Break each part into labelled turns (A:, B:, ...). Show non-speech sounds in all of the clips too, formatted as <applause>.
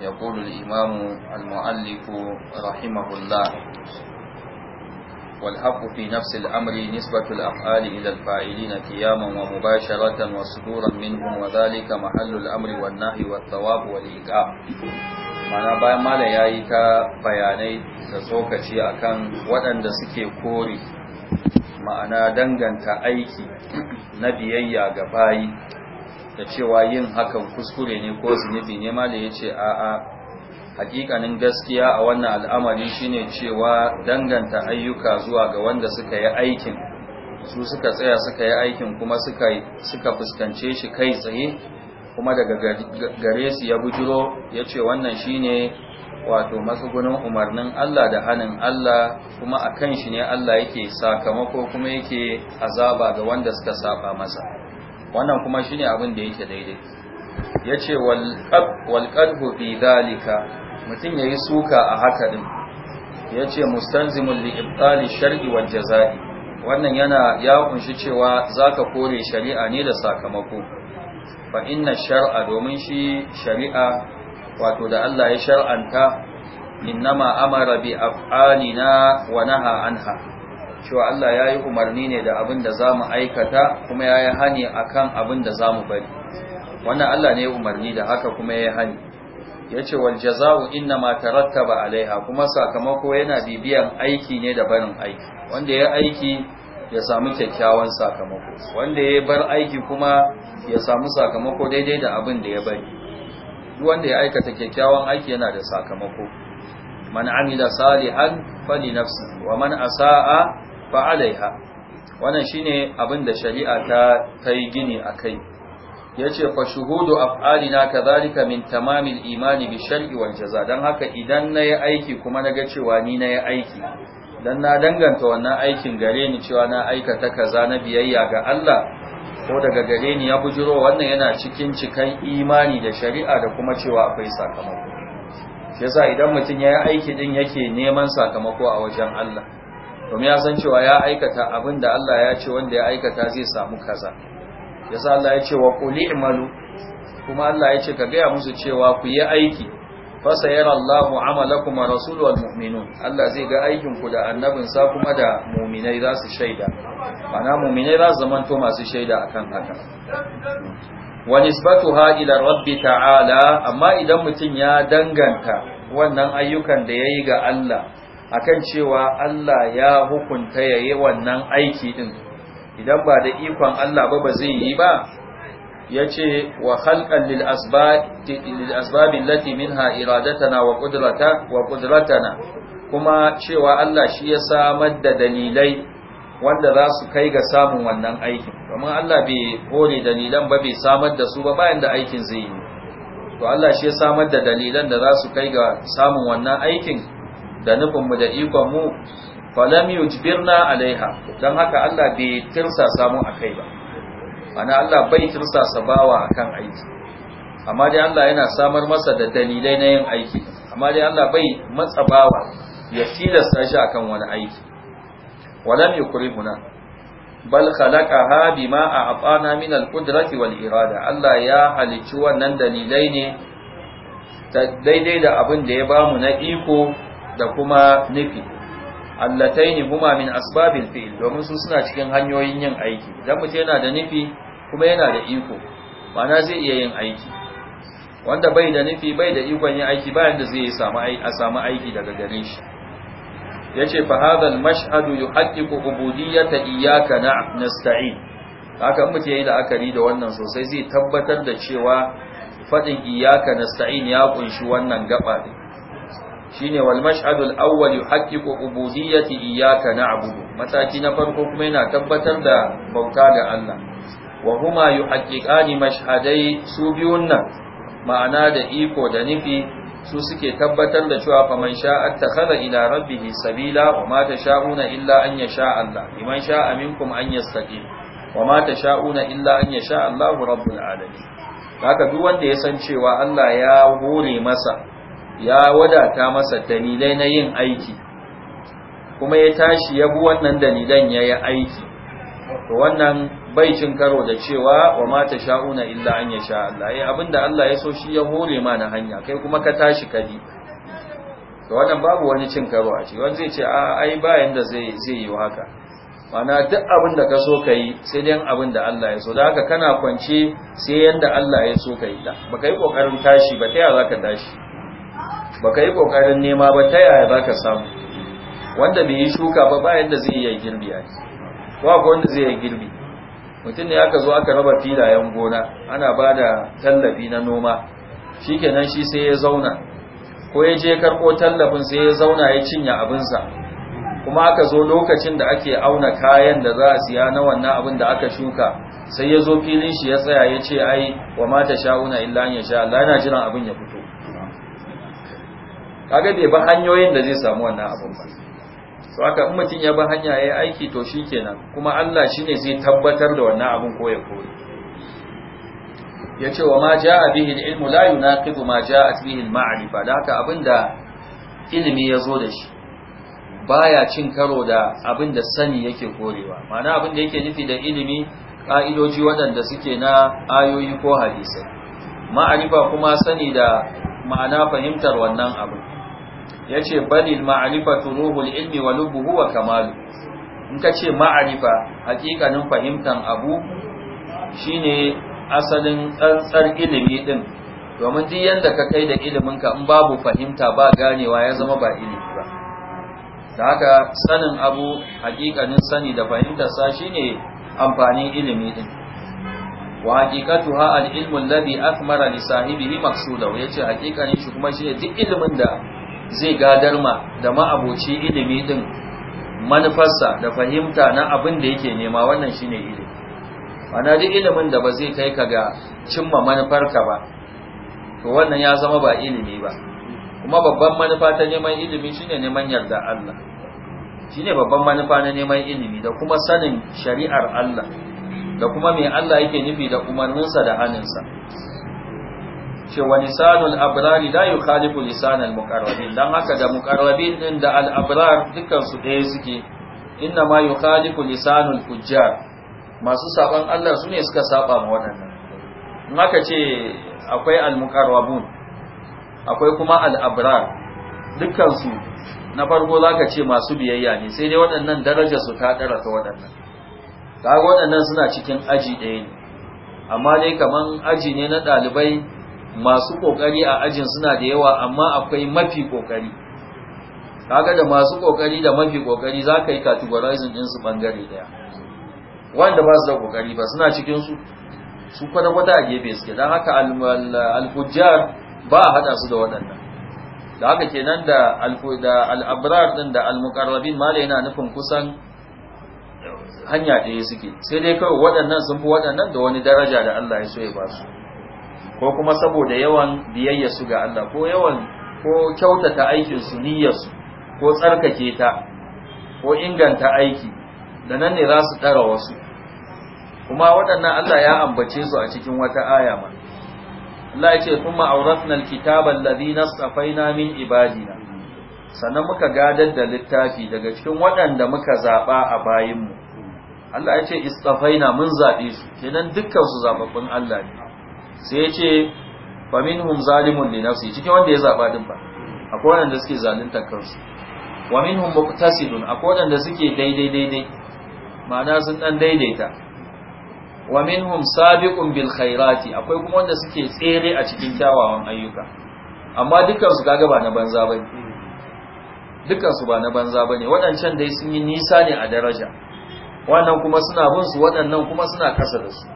A: يقول الإمام المؤلف رحمه الله والحق في نفس الأمر نسبة الأفعال إلى الفاعلين قياما ومباشرة وصدورا منهم وذلك محل الأمر والنهي والثواب والإيقاع mana bayan mala ya yi ta bayanai da tsokaci akan waɗanda suke kore ma'ana danganta aiki na biyayya ga bayi da cewa yin hakan kuskure ne ko zunubi ne malam ya ce a'a hakikanin gaskiya a wannan al'amari shine cewa danganta ayyuka zuwa ga wanda suka yi aikin su suka tsaya suka yi aikin kuma suka suka fuskance shi kai tsaye kuma daga gare su ya bujiro ya ce wannan shine wato matsugunin umarnin Allah da hannun Allah kuma a kan shi ne Allah yake sakamako kuma yake azaba ga wanda suka saba masa wannan kuma shine abin da yake daidai yace wal wal qadhu fi dalika mutun yayi suka a haka din yace mustanzimul li ibtali shar'i wal jazai wannan yana ya kunshi cewa zaka kore shari'a ne da sakamako fa inna shar'a domin shi shari'a wato da Allah ya shar'anta innama amara bi af'alina wa naha anha cewa Allah ya yi umarni ne da abin da za mu aikata kuma ya yi hani a kan abin da za mu bari wannan Allah ne ya umarni da haka kuma ya yi hani ya ce wal jaza'u inna ma tarattaba alaiha kuma sakamako yana bibiyan aiki ne da barin aiki wanda ya aiki ya samu kyakkyawan sakamako wanda ya bar aiki kuma ya samu sakamako daidai da abin da ya bari duk wanda ya aikata kyakkyawan aiki yana da sakamako man amila salihan fali nafsi wa man asa'a fa alaiha wannan shine abin da shari'a ta kai gini akai yace fa shuhudu af'alina kadhalika min tamamil imani bi shar'i wal jaza dan haka idan nayi aiki kuma na ga cewa ni na yi aiki dan na danganta wannan aikin gare ni cewa na aikata kaza na biyayya ga Allah ko daga gare ni ya bujiro wannan yana cikin cikan imani da shari'a da kuma cewa akwai sakamako yasa idan mutum yayi aiki din yake neman sakamako a wajen Allah domin ya san cewa ya aikata abin da Allah ya ce wanda ya aikata zai samu kaza yasa Allah ya ce wa quli imalu kuma Allah ya ce ka gaya musu cewa ku yi aiki fa sayara Allahu amalakum wa rasuluhu wal mu'minun Allah zai ga aikin ku da annabin sa kuma da mu'minai za su shaida mana mu'minai za su zamanto masu shaida akan haka wa nisbatuha ila rabbi ta'ala amma idan mutum ya danganta wannan ayyukan da yayi ga Allah akan cewa Allah ya hukunta yayi wannan aiki din idan ba da ikon Allah ba ba zai yi ba yace wa khalqan lil asbab lil asbab minha iradatana wa qudrata wa kuma cewa Allah shi ya samar da dalilai wanda za su kai ga samun wannan aikin domin Allah bai hore dalilan ba bai samar da su ba bayan da aikin zai yi to Allah shi ya samar da dalilan da za su kai ga samun wannan aikin da nufinmu da ikonmu falam yujbirna alaiha don haka Allah bai tirsasa mu akai ba ana Allah bai tirsasa bawa akan aiki amma dai Allah yana samar masa da dalilai na yin aiki amma dai Allah bai matsa bawa ya tilasta shi akan wani aiki walam yukrihuna bal khalaqaha bima a'tana min al-qudrati wal irada Allah ya halicci wannan dalilai ne daidai da abin da ya bamu na iko da kuma nufi allataini huma min asbabil fi'il domin su suna cikin hanyoyin yin aiki idan mutum yana da nufi kuma yana da iko ma'ana zai iya yin aiki wanda bai da nufi bai da ikon yin aiki bayan da zai samu a samu aiki daga gare shi yace fa hadal mashhadu yuhaqqiqu ubudiyyata iyyaka nasta'in haka mutum yayi la'akari da wannan sosai zai tabbatar da cewa fadin iyyaka nasta'in ya kunshi wannan gaba ne shine wal mash'adul awwal yuhaqqiqu ubudiyyati iyyaka na'budu mataki na farko kuma yana tabbatar da bauta ga Allah wa huma yuhaqqiqani mash'adai su biyun nan ma'ana da iko da nufi su suke tabbatar da cewa fa man sha'a takhara ila rabbih sabila wa ma tasha'una illa an yasha Allah liman sha'a minkum an yastaqim wa ma tasha'una illa an yasha Allahu rabbul alamin haka duk wanda ya san cewa Allah ya hore masa ya wadata masa dalilai na yin aiki kuma ya tashi ya bi wannan dalilan ya yi aiki to wannan bai cin karo da cewa wa mata sha'una illa an ya sha Allah ya eh, abinda Allah ya so shi ya hore ma na hanya kai kuma ka tashi ka bi to wannan babu wani cin karo a cewa wani zai ce a ai ba yanda zai yi haka mana duk abin da ka so ka yi sai dai abin da Allah ya so da haka kana kwance sai yanda Allah ya so ka yi da baka yi kokarin tashi ba ta ya za ka tashi baka yi kokarin nema ba ta yaya ka samu wanda bai yi shuka ba ba yadda zai iya girbi a ba ko wanda zai iya girbi mutum ne aka zo aka raba filayen gona ana ba da tallafi na noma shikenan shi sai ya zauna ko ya je karɓo tallafin sai ya zauna ya cinye abinsa kuma aka zo lokacin da ake auna kayan da za a siya na wannan abin da aka shuka sai ya zo filin shi ya tsaya ya ce ai wa mata sha'una illa an ya sha Allah yana jiran abin ya fito kaga bai ba hanyoyin da zai samu wannan abin ba to haka in mutum ya bi hanya yayi aiki to shikenan kuma Allah shine zai tabbatar da wannan abin ko ya kore yace wa ma jaa bihi ilmu la yunaqidu ma jaat bihi al-ma'rifa da haka abinda ilimi yazo da shi baya cin karo da abinda sani yake korewa ma'ana abinda yake nufi da ilimi ka'idoji waɗanda suke na ayoyi ko hadisai ma'arifa kuma sani da ma'ana fahimtar wannan abin yace balil ma'rifatu ruhul ilmi wa lubuhu wa kamalu in ka ce ma'arifa hakikanin fahimtar abu shine asalin tsantsar ilimi din domin duk yanda ka kai da ilimin ka in babu fahimta ba ganewa ya zama ba ilimi ba da haka sanin abu hakikanin sani da fahimtar sa shine amfanin ilimi din wa ha al-ilmu alladhi athmara li sahibihi wa yace hakikanin shi kuma shine duk ilimin da zai gadar ma da ma'aboci ilimi din manufarsa da fahimta na abin da yake nema wannan shine ilimi ana duk ilimin da ba zai kai ka ga cimma manufarka ba to wannan ya zama ba ilimi ba kuma babban manufa ta neman ilimi shine neman yarda Allah shine babban manufa na neman ilimi da kuma sanin shari'ar Allah da kuma me Allah yake nufi da umarninsa da haninsa ce wa lisanul abrari la yukhalifu lisanal muqarrabin dan haka da muqarrabin din da al abrar dukkan su ɗaya suke inna ma yukhalifu lisanul fujjar masu saban Allah su ne suka saba ma waɗannan in aka ce akwai al muqarrabun akwai kuma al abrar dukkan su na farko zaka ce masu biyayya ne sai dai waɗannan daraja su ta ɗara ta waɗannan kaga waɗannan suna cikin aji ɗaya ne amma dai kaman aji ne na ɗalibai masu kokari a ajin suna da yawa amma akwai mafi kokari kaga da masu kokari da mafi kokari za ka yi categorizing din su bangare daya wanda ba su da kokari ba suna cikin su su kwata-kwata a gefe suke don haka alfujjar ba a hada su da waɗannan da haka kenan da al'abrar ɗin da almukarrabin ma da yana nufin kusan hanya ɗaya suke sai dai kawai waɗannan sun fi waɗannan da wani daraja da Allah ya so ya ba su ko kuma saboda yawan biyayya su ga Allah ko yawan ko kyautata aikinsu su niyyarsu ko tsarkake ta ko inganta aiki da nan ne za su ɗara wasu kuma waɗannan Allah ya ambace su a cikin wata aya ma Allah ya ce kuma auratna alkitaba alladhina safaina min ibadina sannan muka gadar da littafi daga cikin waɗanda muka zaba a bayinmu Allah ya ce istafaina mun zabe su kenan dukkan su zababbun Allah ne sai ya ce famin hun zalimun ne nafsi cikin wanda ya zaba din ba a kowanne suke zalunta kansu wa minhum muqtasidun a kowanne suke daidai daidai ma'ana sun dan daidaita famin hun sabiƙun bil khairati akwai kuma wanda suke tsere a cikin kyawawan ayyuka amma dukkan su kaga ba na banza bane dukkan su ba na banza bane waɗancan dai sun yi nisa ne a daraja wannan kuma suna bin su waɗannan kuma suna kasa da su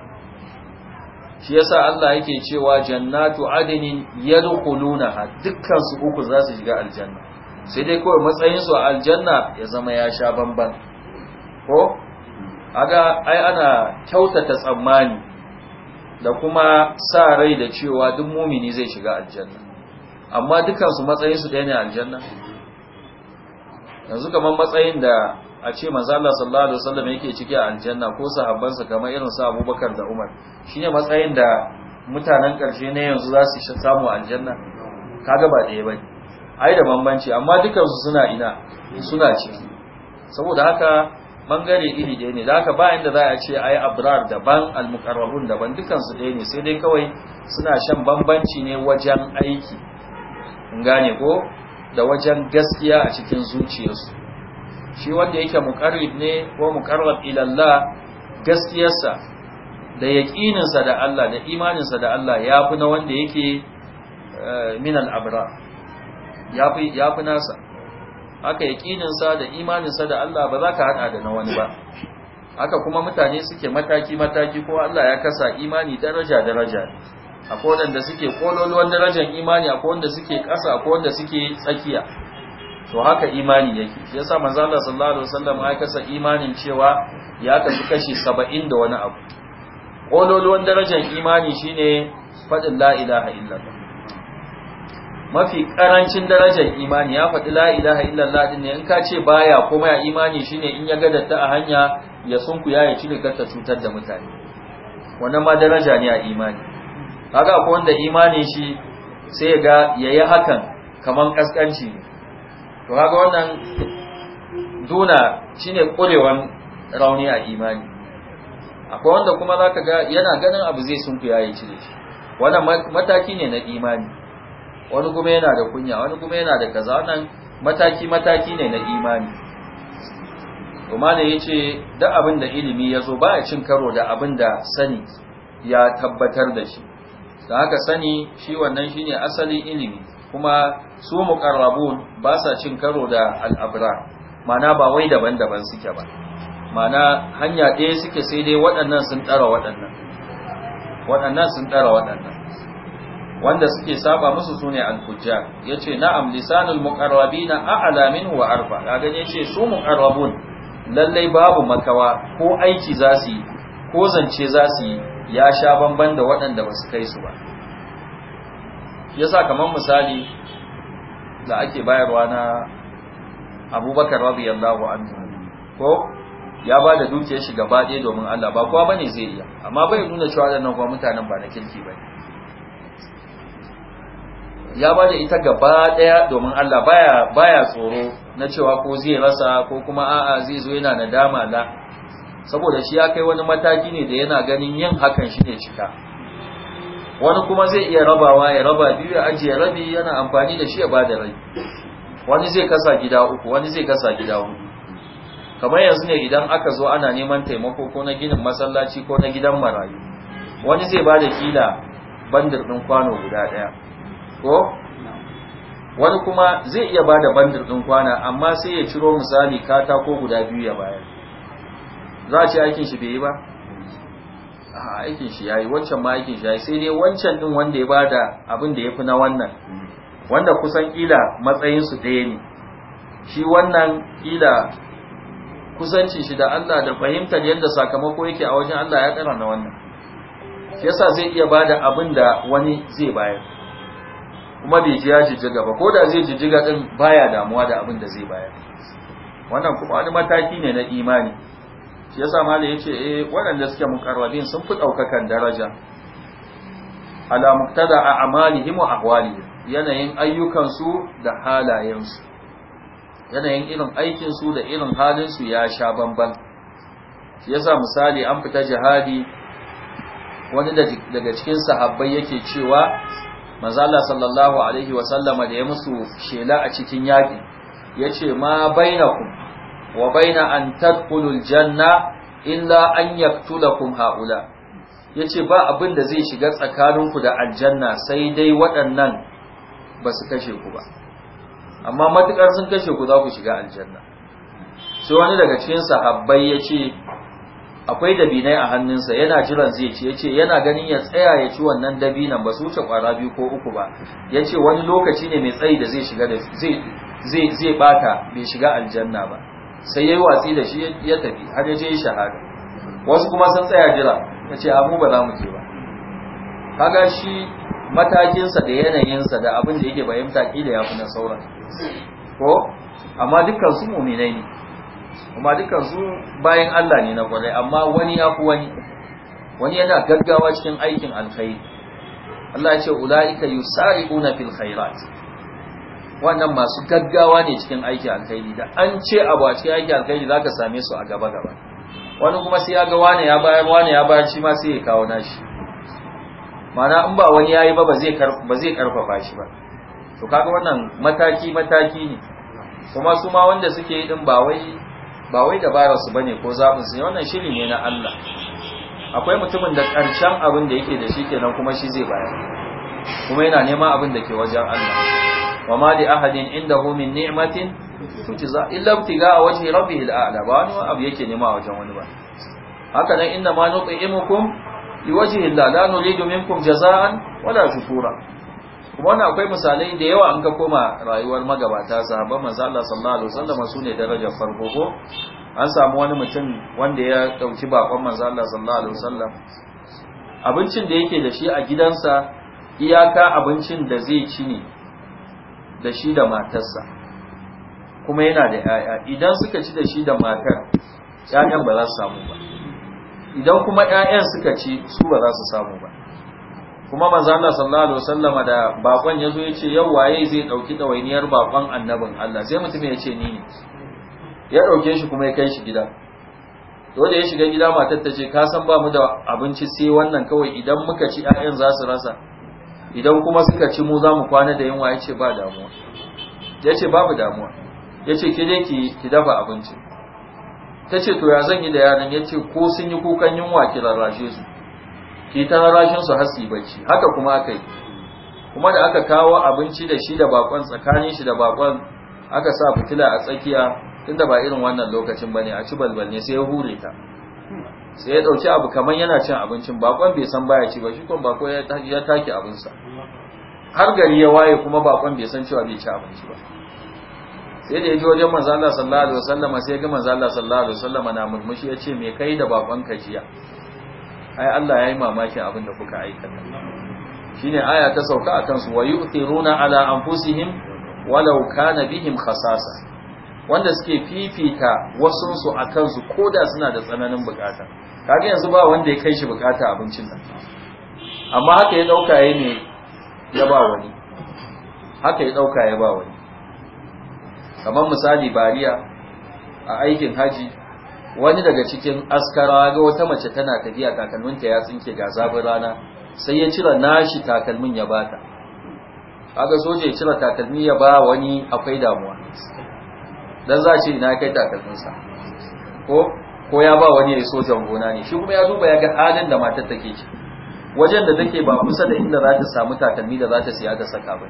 A: shi yasa Allah yake cewa jannatu adinin yadkhulunaha dukkan su uku za su shiga aljanna sai dai kawai matsayin su aljanna ya zama ya sha bamban ko aga ai ana kyautata tsammani da kuma sa rai da cewa duk mumini zai shiga aljanna amma dukkan su matsayin su da ne aljanna yanzu kamar matsayin da a ce manzo Allah sallallahu alaihi wasallam yake ciki a aljanna ko sahabbansa kamar irin su Abubakar da Umar shine matsayin da mutanen karshe ne yanzu za su samu aljanna kaga ba da bane ai da bambanci amma dukan su suna ina suna ciki saboda haka bangare iri ɗaya ne da haka ba inda za a ce ai abrar daban almuqarrabun daban dukan su ɗaya ne sai dai kawai suna shan bambanci ne wajen aiki in gane ko da wajen gaskiya a cikin zuciyarsu shi wanda yake muqarrib ne ko muqarrab ila Allah gaskiyarsa da yaqininsa da Allah da imaninsa da Allah yafi na wanda yake eh, min al-abra yafi yafi nasa haka yaqininsa da imaninsa da Allah ba za ka hada da na wani ba haka kuma mutane suke mataki mataki ko Allah ya kasa imani daraja daraja akwai wanda suke kololuwan darajar imani akwai wanda suke kasa akwai wanda suke tsakiya to haka imani yake shi yasa manzo Allah sallallahu alaihi wasallam ya kasa imanin cewa ya kasu kashi 70 da wani abu kololuwan darajar imani shine fadin la ilaha illallah mafi karancin darajar imani ya faɗi la ilaha illallah din ne in ka ce baya kuma ya imani shine in ya gada ta a hanya ya sunku ya yi cire karta cutar da mutane wannan ma daraja ne a imani kaga akwai wanda imani shi sai ya ga yayi hakan kaman kaskanci ne to kaga wannan duna shine kurewan rauni a imani akwai wanda kuma zaka ga yana ganin abu zai sunku yayi cire shi wannan mataki ne na imani wani kuma yana da kunya wani kuma yana da kaza wannan mataki mataki ne na imani to malai yace duk abin da ilimi yazo ba a cin karo da abin da sani ya tabbatar da shi da haka sani shi wannan shine asalin ilimi kuma su muqarrabun ba sa cin karo da al mana ba wai daban-daban suke ba mana hanya ɗaya suke sai dai waɗannan sun tsara waɗannan waɗannan sun tsara waɗannan wanda suke saba musu sune al hujja yace na'am lisanul muqarrabina a'la minhu wa arfa kaga yace su muqarrabun lallai babu makawa ko aiki zasu yi ko zance zasu yi ya sha bamban da waɗanda ba su kai su ba yasa kamar misali da ake bayarwa na abubakar radiyallahu anhu ko ya ba da dukiyar shi gaba ɗaya domin Allah ba kowa bane zai iya amma bai nuna cewa nan kuma mutanen ba na kirki bane ya ba da ita gaba ɗaya domin Allah baya baya tsoro na cewa ko zai rasa ko kuma a'a zai zo yana nadama la saboda shi ya kai wani mataki ne da yana ganin yin hakan shine cika wani kuma zai iya rabawa ya raba biyu ya ajiye rabi yana amfani da shi ya bada rabi wani zai kasa gida uku wani zai kasa gida hudu kamar yanzu ne idan aka zo ana neman taimako ko na ginin masallaci ko na gidan marayu wani zai bada kila bandir din kwano guda daya ko wani kuma zai iya bada bandir din kwana amma sai ya ciro misali katako guda biyu ya bayar za a ce aikin shi bai yi ba aikin shi yayi wancan ma aikin shi yayi sai dai wancan din wanda ya bada abin da yafi na wannan wanda kusan kila matsayin su ɗaya ne shi wannan kila kusanci shi da Allah da fahimtar yadda sakamako yake a wajen Allah ya tsara na wannan shi yasa zai iya bada abin da wani zai bayar kuma bai ji ya jijjiga ba ko da zai jijjiga din baya damuwa da abin da zai bayar wannan kuma wani mataki ne na imani shi yasa ya yace eh waɗanda suke muqarrabin sun fi daukakan daraja ala muktada a amalihim wa ahwalihim yanayin ayyukansu da halayensu yanayin irin aikinsu da irin halinsu ya sha bamban shi yasa misali an fita jihadi wani daga cikin sahabbai yake cewa manzala sallallahu alaihi wasallama da ya musu shela a cikin yaƙi ya ce ma bainakum wa baina an tadkhulul janna illa an yaktulakum haula yace ba abin da zai shiga tsakanin ku da aljanna sai dai waɗannan ba su kashe ku ba amma matukar sun kashe ku za ku shiga aljanna sai wani daga cikin sahabbai yace akwai dabinai a hannunsa yana jiran zai ci yace yana ganin ya tsaya ya ci wannan dabinan ba su wuce kwara biyu ko uku ba yace wani lokaci ne mai tsayi da zai shiga da zai zai bata bai shiga aljanna ba sai yayi watsi da shi ya tafi har ya je yi shahada wasu kuma sun tsaya jira ya ce abu ba za mu je ba kaga shi matakinsa da yanayinsa da abin da yake fahimta kila ya fi na sauran ko amma dukkan su muminai ne amma dukkan su bayan Allah ne na kwarai amma wani ya fi wani wani yana gaggawa cikin aikin alkhairi Allah ya ce ula'ika yusari'una fil khairat wannan masu gaggawa ne cikin aiki alkhairi da an ce abu a cikin aiki alkhairi ka same su a gaba gaba wani kuma sai ya ga wani ya bayar wani ya bayar shi ma sai ya kawo nashi mana in ba wani yayi ba ba zai karfafa shi ba to kaga wannan mataki mataki ne kuma su ma wanda suke yi din ba wai ba wai su bane ko zabin su ne wannan shiri ne na Allah akwai mutumin da karshen abin da yake da shi kenan kuma shi zai bayar kuma yana neman abin da ke wajen Allah wa ma li ahadin indahu min ni'matin tujza illa ibtiga wajhi rabbihil a'la ba wani abu yake nema a wajen wani ba haka nan inna ma nut'imukum liwajhi Allah la nuridu minkum jazaan wala shukura kuma wannan akwai misalai da yawa an ka koma rayuwar magabata sahabban manzo Allah sallallahu alaihi wasallam sune darajar farko ko an samu wani mutum wanda ya dauki bakon manzo Allah sallallahu alaihi wasallam abincin da yake da shi a gidansa iyaka abincin da zai ci ne da shi da matarsa kuma yana da 'ya'ya idan suka ci da shi da matar 'ya'yan ba za su samu ba idan kuma 'ya'yan suka ci su ba za su samu ba kuma manzo Allah sallallahu alaihi wasallama da bakon yazo yace yau waye zai dauki dawainiyar bakon annabin Allah sai mutum ya ce ni ne ya dauke shi kuma ya kai shi gida to da ya shiga gida matar ta ce ka san ba mu da abinci sai wannan kawai idan muka ci 'ya'yan za su rasa idan kuma suka ci mu za mu kwana da yunwa ya ce ba damuwa ya ce babu damuwa ya ce ke dai ki dafa abinci ta ce to ya zan yi da yaran ya ce ko sun yi kukan yunwa ki rarrashe su ki ta rarrashin su har bacci haka kuma aka yi kuma da aka kawo abinci da shi da bakon tsakanin shi da bakon aka sa fitila a tsakiya tunda ba irin wannan lokacin bane a ci balbal ne sai ya hure ta sai ya dauki abu kaman yana cin abincin bakon bai san baya ci ba shi kuma bako ya taki abinsa har gari ya waye kuma bakon bai san cewa bai ci abinci ba sai da ya ji wajen manzo Allah sallallahu alaihi wasallama sai ya ga manzo Allah sallallahu alaihi wasallama na murmushi ya ce me kai da bakon ka jiya ai Allah yayi mamakin abin da kuka aikata shine aya ta sauka akan su wa yu'thiruna ala anfusihim walau kana bihim khasasa wanda suke fifita wasunsu a kansu ko da suna da tsananin bukata kaga yanzu ba wanda ya kai shi bukata abincin nan amma haka ya dauka ya ne ya ba wani haka ya dauka ya ba wani kamar misali bariya a aikin haji wani daga cikin askara ga wata mace tana tafiya takalminta ya tsinke ga zabin rana sai ya cira nashi takalmin ya bata kaga soja ya cira takalmi ya ba wani akwai damuwa dan za a ce ina kai takalminsa ko ko ya ba wani ya so zangona ne shi kuma ya duba ya ga halin da matar take ci wajen da take ba kusa da inda za ta samu takalmi da za ta siya ta saka ba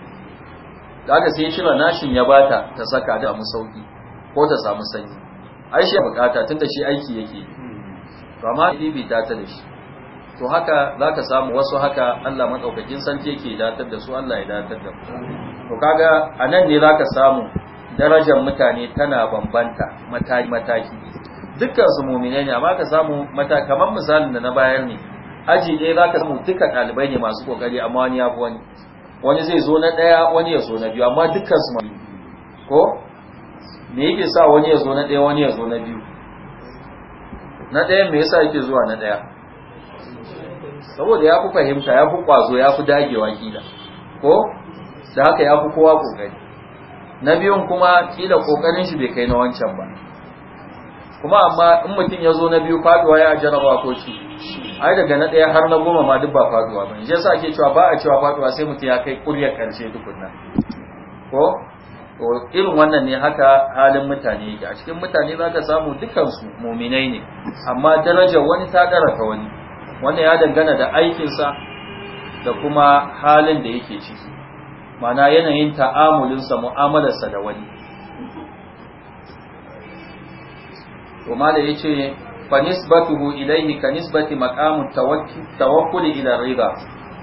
A: da sai shira nashin ya bata ta saka da mu sauki ko ta samu sanyi ai shi bukata tunda shi aiki yake to amma bi ta ta da shi to haka zaka samu wasu haka Allah madaukakin sanje yake datar da su Allah ya datar da ku to kaga anan ne zaka samu darajar mutane tana bambanta mataki mataki dukkan su mu'minai ne amma ka samu mataki. kamar misalin da na bayar ne aji ɗaya zaka samu Dukkan ɗalibai ne masu kokari amma wani ya fi wani wani zai zo na ɗaya wani ya zo na biyu amma dukkan su ko me yake sa wani ya zo na ɗaya wani ya zo na biyu na ɗaya me yasa yake zuwa na ɗaya saboda ya fi fahimta ya fi ƙwazo ya fi dagewa kila ko da haka ya fi kowa ƙoƙari na biyun kuma kila kokarin shi bai kai na wancan ba kuma amma in mutum ya zo na biyu faduwa ya jarabawa ko shi ai daga na ɗaya har na goma ma duk ba faduwa ba yasa ake cewa ba a cewa faduwa sai mutum ya kai kuryar karshe tukunna ko ko irin wannan ne haka halin mutane yake a cikin mutane za ka samu dukansu muminai ne amma darajar wani ta ɗara ta wani wannan ya dangana da aikinsa da kuma halin da yake ciki mana yanayin ta'amulinsa mu'amalarsa da wani to mala yace fa nisbatuhu ilayhi ka nisbati maqamut tawakkul ila rida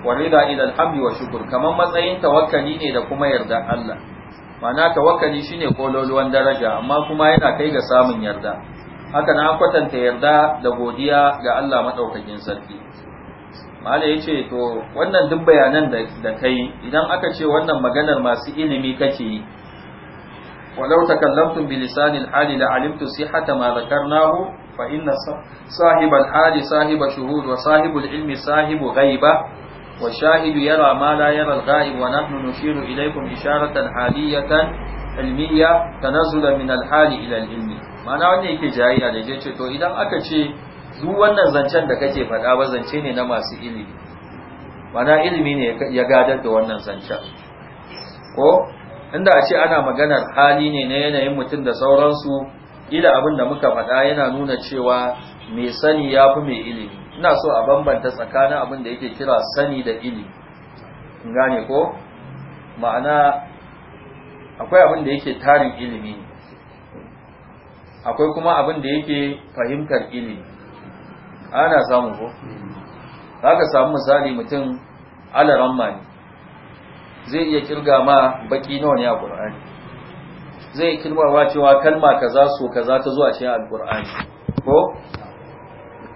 A: wa rida ila alhamd wa shukr kaman matsayin tawakkali ne da kuma yarda Allah mana tawakkali shine kololuwan daraja amma kuma yana kai ga samun yarda haka na kwatanta yarda da godiya ga Allah maɗaukakin sarki mala ya ce to wannan duk bayanan da kai idan aka ce wannan maganar masu ilimi kake yi walau takallamtum bi lisanil hali la alimtu sihata ma dhakarnahu fa inna sahibal hali sahiba shuhud wa sahibul ilmi sahibu ghaiba wa shahidu yara ma la yara al ghaib wa nahnu nushiru ilaykum isharatan haliyatan ilmiya tanazzulan min al hali ila al ilmi ma'ana wannan yake jayya da je ce to idan aka ce duk wannan zancen da kake faɗa ba zance ne na masu ilimi mana ilimi ne ya gadar da wannan zancen ko inda a ce ana maganar hali ne na yanayin mutum da sauransu ila abin da muka faɗa yana nuna cewa mai sani ya fi mai ilimi ina so a bambanta tsakanin abin da yake kira sani da ilimi gane ko ma'ana akwai abin da yake tarin ilimi akwai kuma abin da yake fahimtar ilimi ana samu ko haka samu misali mutum alaramma ne zai iya kirga ma baki nawa ne a qur'ani zai kirmawa cewa kalma kaza so kaza ta zuwa a cikin alqur'ani ko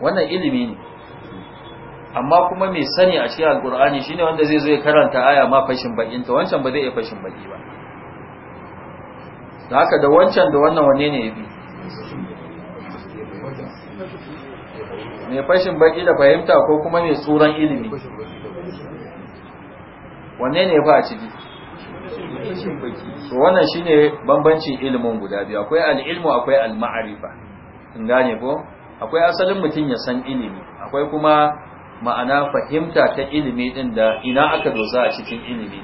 A: wannan ilimi ne amma kuma mai sani a cikin alqur'ani shine wanda zai zo ya karanta aya ma fashin bakin ta wancan ba zai iya fashin baki ba haka da wancan da wannan wanne ne yafi mai fashin baki da fahimta ko kuma mai tsoron ilimi wanne ne fa a ciki so wannan shine bambancin ilimin guda biyu akwai al'ilmu akwai al-ma'rifa in gane ko akwai asalin mutum ya san ilimi akwai kuma ma'ana fahimta ta ilimi din da ina aka dosa a cikin ilimi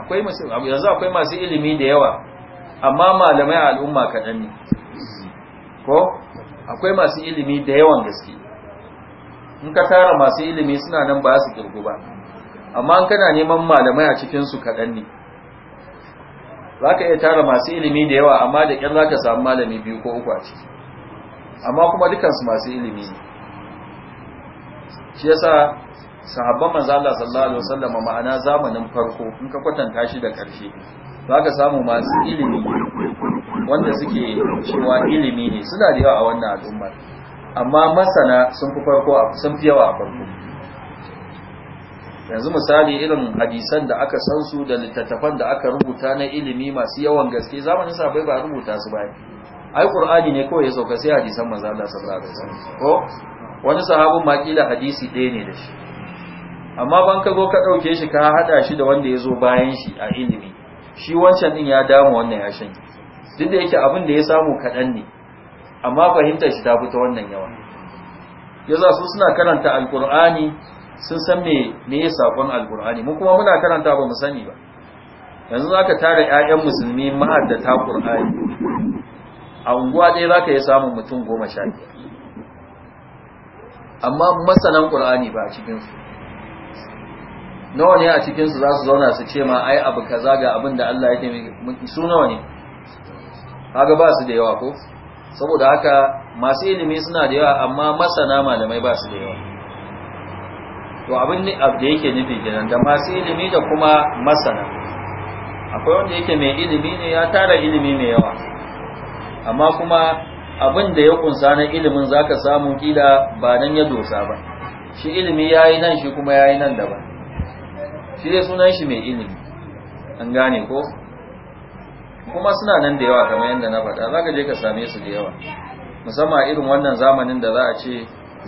A: akwai yanzu akwai masu ilimi da yawa amma malamai a al'umma kaɗan ne ko akwai masu ilimi da yawan gaske in ka tara masu ilimi suna nan ba su kirgu ba amma in kana neman malamai a cikinsu kaɗan ne za ka iya tara masu ilimi da yawa amma da ƙyar za ka samu malami biyu ko uku a ciki amma kuma dukansu masu ilimi ne shi yasa sahabban manzo Allah sallallahu alaihi wasallam ma'ana zamanin farko in ka kwatanta shi da ƙarshe Ba ka samu masu ilimi wanda suke cewa ilimi ne suna da yawa a wannan al'ummar amma masana sun fi farko sun fi yawa a farko yanzu misali irin hadisan da aka san su da littattafan da aka rubuta na ilimi masu yawan gaske zamanin sabai ba rubuta su ba ai qur'ani ne kawai ya sauka sai hadisan manzo Allah sallallahu alaihi wasallam ko wani sahabin ma kila hadisi ɗaya ne da shi amma ban ka zo ka ɗauke shi ka haɗa shi da wanda ya zo bayan shi a ilimi shi wancan din ya damu wannan ya shanye duk da yake abin da ya samu kaɗan ne amma fahimtar shi ta fi ta wannan yawa ya su suna karanta alkur'ani sun san me me ya sakon alkur'ani mu kuma muna karanta ba mu sani ba yanzu zaka tara 'yayan musulmi ma'addata qur'ani a unguwa ɗaya zaka yi samun mutum goma sha biyar amma masanan qur'ani ba a cikin su nawa ne a cikin su za su zauna su ce ma ai abu kaza ga abin da Allah yake su nawa ne kaga ba su da yawa ko saboda haka masu ilimi suna da yawa amma masana malamai ba su da yawa to abin ne abu da yake nufi kenan da masu ilimi da kuma masana akwai wanda yake mai ilimi ne ya tara ilimi mai yawa amma kuma abin da ya kunsa na ilimin zaka samu kila ba nan ya dosa ba shi ilimi yayi nan shi kuma yayi nan daban shi dai sunan shi mai ilimi an gane ko kuma suna nan da yawa kamar yadda na faɗa za ka je ka same su da yawa musamman irin wannan zamanin da za a ce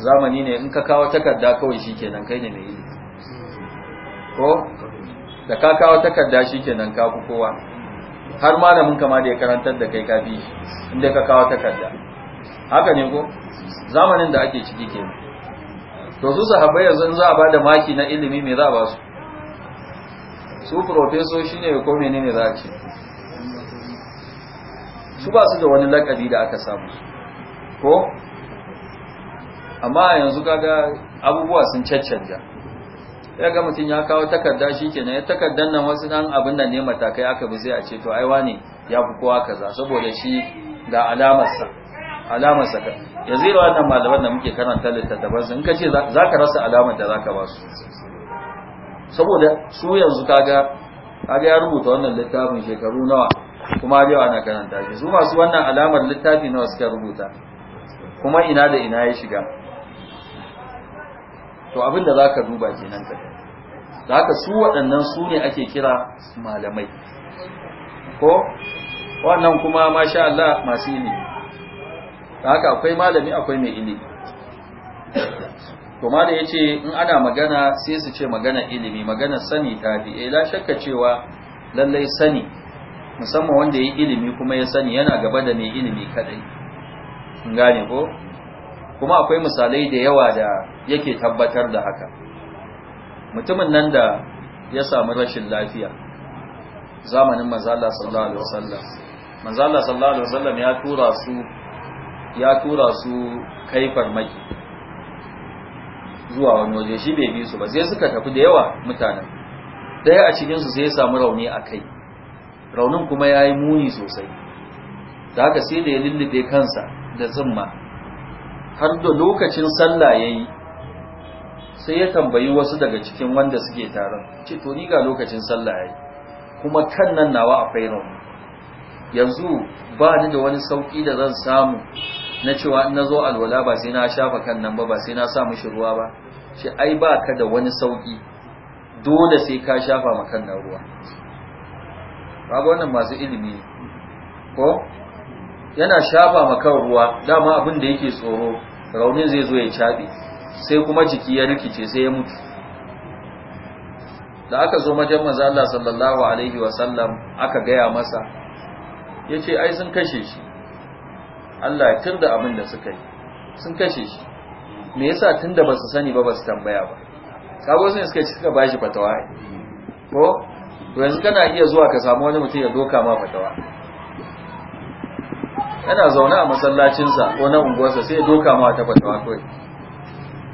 A: zamani ne in ka kawo takarda kawai shi kenan kai ne mai ilimi ko da ka kawo takarda shi kenan ka ku kowa har malamin kama da ya karantar da kai ka bi inda ka kawo takarda haka ne ko zamanin da ake ciki kenan to su sahabbai yanzu in za a ba da maki na ilimi me za a ba su su shi ne ko menene za a ce su ba su da wani lakabi da aka samu ko amma yanzu kaga abubuwa sun caccanja ya ga mutum ya kawo takarda shi ke na ya takardar nan wasu nan abin da ne matakai aka bi zai a ce to aiwa ne ya fi kowa kaza saboda shi ga alamarsa alamarsa ka ya zira wannan malaman da muke karanta littattafansa, in ka ce za ka rasa alamar da za ka ba su saboda su yanzu kaga kaga ya rubuta wannan littafin shekaru nawa kuma har yau ana karanta shi su masu wannan alamar littafi nawa suka rubuta kuma ina da ina ya shiga to abin da zaka duba kenan ka da haka su waɗannan su ne ake kira malamai ko wannan kuma masha Allah masu ilimi da haka akwai malami akwai mai ilimi to ma da yace in ana magana sai su ce magana ilimi magana sani tafi eh la shakka cewa lallai sani musamman wanda ya ilimi kuma ya sani yana gaba da mai ilimi kadai in gane ko kuma akwai misalai da yawa da yake tabbatar da haka mutumin nan da ya samu rashin lafiya zamanin manzala sallallahu alaihi wasallam manzala sallallahu alaihi wasallam ya tura su ya tura su kai farmaki zuwa wani waje shi bai bi su ba sai suka tafi da yawa mutanen daya a cikinsu sai ya samu rauni a kai raunin kuma ya yi muni sosai da haka sai da ya lullube kansa da zimma har da lokacin sallah ya yi sai ya tambayi wasu daga cikin wanda suke taron ce to ni ga lokacin sallah ya yi kuma kan nan nawa akwai rauni yanzu ba ni da wani sauki da zan samu na cewa in nazo alwala ba sai na shafa kan nan ba ba sai na sa mishi ruwa ba shi ai ba ka da wani sauki dole sai ka shafa ma kan ruwa babu wannan masu ilimi ko yana shafa ma kan ruwa dama abin da yake tsoro raunin zai zo ya cabe sai kuma jiki ya rikice sai ya mutu da aka zo majan manzo Allah sallallahu alaihi wa sallam aka gaya masa yace ai sun kashe shi Allah ya da abin da suka yi sun kashe shi me yasa tunda ba su sani ba ba su tambaya ba kago sun suka ci suka bashi fatawa ko to yanzu kana iya zuwa ka samu wani mutum ya doka ma fatawa yana zaune a masallacinsa ko na unguwarsa sai ya doka ma ta fatawa kawai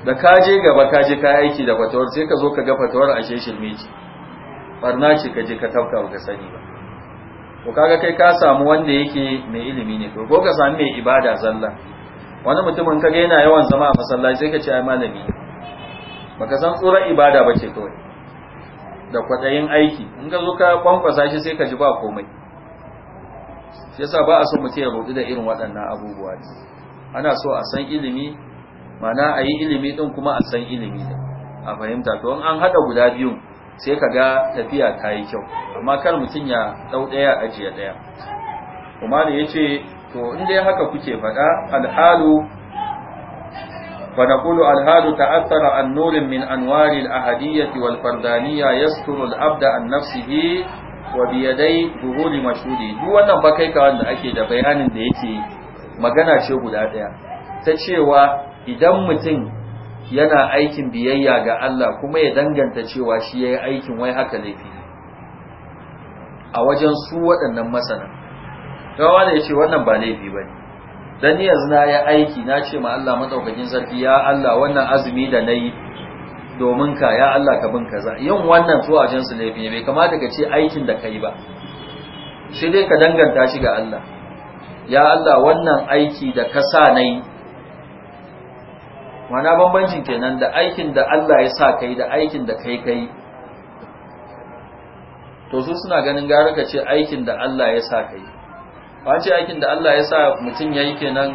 A: da ka je gaba ka je ka aiki da fatawar sai ka zo ka ga fatawar ashe shirme ce barna ce ka je ka tafka ba ka sani ba to kaga kai ka samu wanda yake mai ilimi ne to ko ka sami mai ibada zalla wani mutumin kaga yana yawan zama a masallaci sai ka ce ai malami baka san tsoron ibada ba ce kawai da kwaɗayin aiki in ka zo ka kwankwasa shi sai ka ji ba komai shi yasa ba a so mutum ya rudu da irin waɗannan abubuwa ne ana so a san ilimi mana a yi ilimi ɗin kuma a san ilimi a fahimta to in an haɗa guda biyun sai ka ga tafiya ta yi kyau amma kar mutum ya ɗau ɗaya ajiye ɗaya kuma da ya ce to in dai haka kuke faɗa alhalu wa naqulu alhalu ta'athara an nurin min anwari al-ahadiyyah wal fardaniyya yasturu al-abda an nafsihi wa bi yadai zuhuri mashhudi duk wannan ba kai ka wanda ake da bayanin da yake magana ce guda ɗaya ta cewa idan mutum yana aikin biyayya ga Allah kuma ya danganta cewa shi ya yi aikin wai haka laifi a wajen su waɗannan masana gawa da ya ce wannan ba laifi ba ne don ni yanzu na ya aiki na ce ma Allah maɗaukakin sarki ya Allah wannan azumi da na yi domin ka ya Allah ka bin kaza yin wannan zuwa wajen su laifi ne bai kamata ka ce aikin da ka yi ba shi dai ka danganta shi ga Allah ya Allah wannan aiki da ka sa na yi mana bambancin kenan da aikin da Allah ya sa kai da aikin da kai kai to su suna ganin gara ka ce aikin da Allah ya sa kai ba aikin da Allah ya sa mutum yayi kenan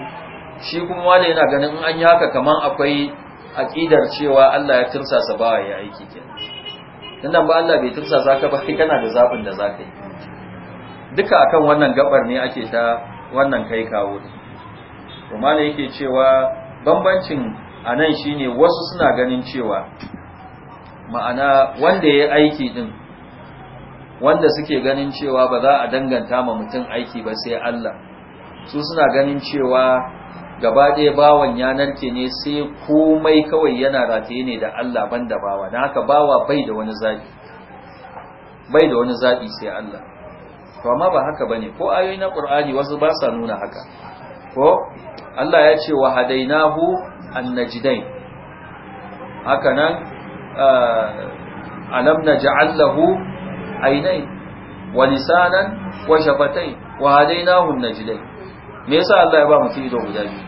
A: shi kuma wanda yana ganin in an yi haka kaman akwai aqidar cewa Allah ya tursa sa ba ya aiki kenan tunda ba Allah bai tursa sa ka ba kai kana da zabin da zaka yi duka akan wannan gabar ne ake ta wannan kai kawo to malai yake cewa bambancin a nan shine wasu suna ganin cewa ma'ana wanda ya aiki din wanda suke ganin cewa ba za a danganta ma mutum aiki ba sai Allah su suna ganin cewa gaba ɗaya bawan ya narke ne sai komai kawai yana rataye ne da Allah ban da bawa don haka bawa bai da wani zaɓi bai da wani zaɓi sai Allah to amma ba haka bane ko ayoyi na Qur'ani wasu ba sa nuna haka ko Allah ya ce wa hadainahu annajdain haka nan uh, alam naj'al lahu aynayn wa lisanan wa shafatain wa hadainahu annajdain me yasa Allah ya ba mutum ido guda biyu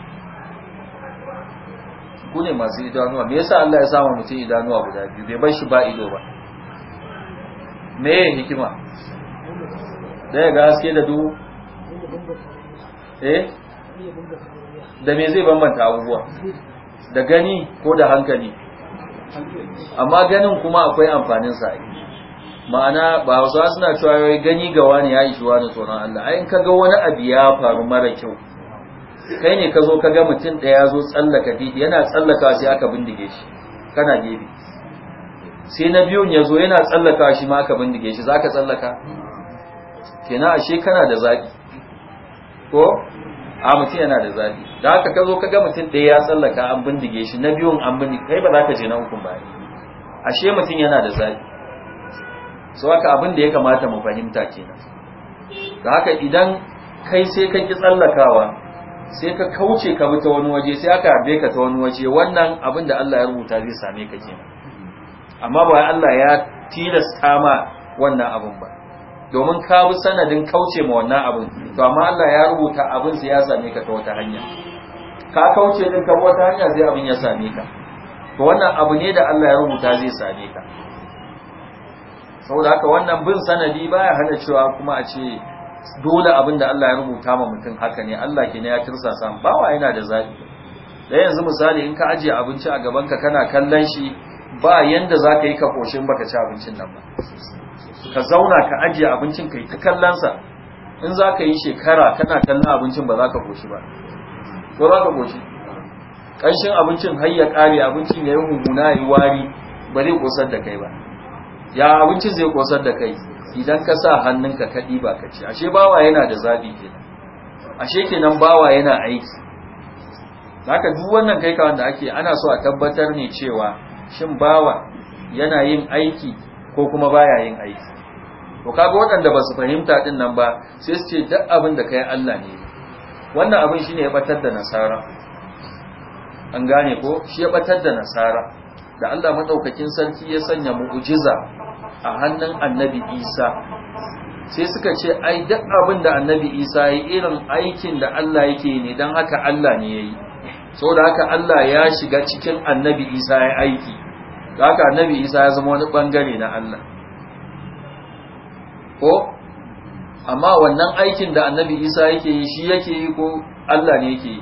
A: ku ne masu idanuwa me yasa Allah ya sa mutum idanuwa guda biyu bai bar shi ba ido ba me hikima
B: daya ga haske da
A: duhu eh da me zai bambanta abubuwa da gani ko da hankali amma ganin kuma akwai amfanin sa ma'ana ba wasu suna cewa yawai gani ga wani ya ishi wani tsoron Allah ai ka ga wani abu ya faru mara kyau kai ne ka zo ka ga mutum ɗaya ya zo tsallaka titi yana tsallaka sai aka bindige shi kana gefe sai na biyun ya zo yana tsallaka shi ma aka bindige shi za ka tsallaka kenan ashe kana da zaɓi ko a mutum yana da zafi da haka ka zo ka ga mutum ɗaya ya tsallaka an bindige shi na biyun an bindige kai ba za ka je na hukun ba ashe mutum yana da zafi so haka abin da ya kamata mu fahimta kenan da haka idan kai sai ka ki tsallakawa sai ka kauce ka bi ta wani waje sai aka harbe ka ta wani waje wannan abin da Allah ya rubuta zai same ka kenan amma ba Allah ya tilasta ma wannan abin ba domin ka bi sanadin kauce ma wannan abin to amma Allah ya rubuta abin sai ya same ka ta wata hanya ka kauce din ka wata hanya sai abin ya same ka to wannan abu ne da Allah ya rubuta zai same ka saboda haka wannan bin sanadi baya hana cewa kuma a ce dole abin da Allah ya rubuta ma mutum haka ne Allah ke ne ya tirsasa ba wa yana da zabi da yanzu misali in ka ajiye abinci a gaban ka kana kallon shi ba yanda za ka yi ka koshin baka ci abincin nan ba ka zauna ka ajiye abincin ka yi ta kallonsa in za ka yi shekara kana kallon abincin ba za ka koshi ba ko za ka koshi ƙanshin abincin har ya ƙare abincin ya yi hunguna ya yi wari ba zai kosar da kai ba ya abincin zai kosar da kai idan ka sa hannunka ka ɗiba ka ci ashe bawa yana da zaɓi kenan ashe kenan bawa yana aiki haka duk wannan kai ka wanda ake ana so a tabbatar ne cewa shin bawa yana yin aiki ko kuma baya yin aiki to kaga waɗanda ba su fahimta din nan ba sai su ce duk abin da kai Allah ne wannan abin shine ya batar da nasara an gane ko shi ya batar da nasara da Allah madaukakin sarki ya sanya mu'jiza a hannun Annabi Isa sai suka ce ai duk abin da Annabi Isa yi irin aikin da Allah yake ne dan haka Allah ne yayi saboda haka Allah ya shiga cikin Annabi Isa ya aiki da haka annabi isa ya zama wani bangare na Allah ko amma wannan aikin da annabi isa yake yi shi yake yi ko Allah ne yake yi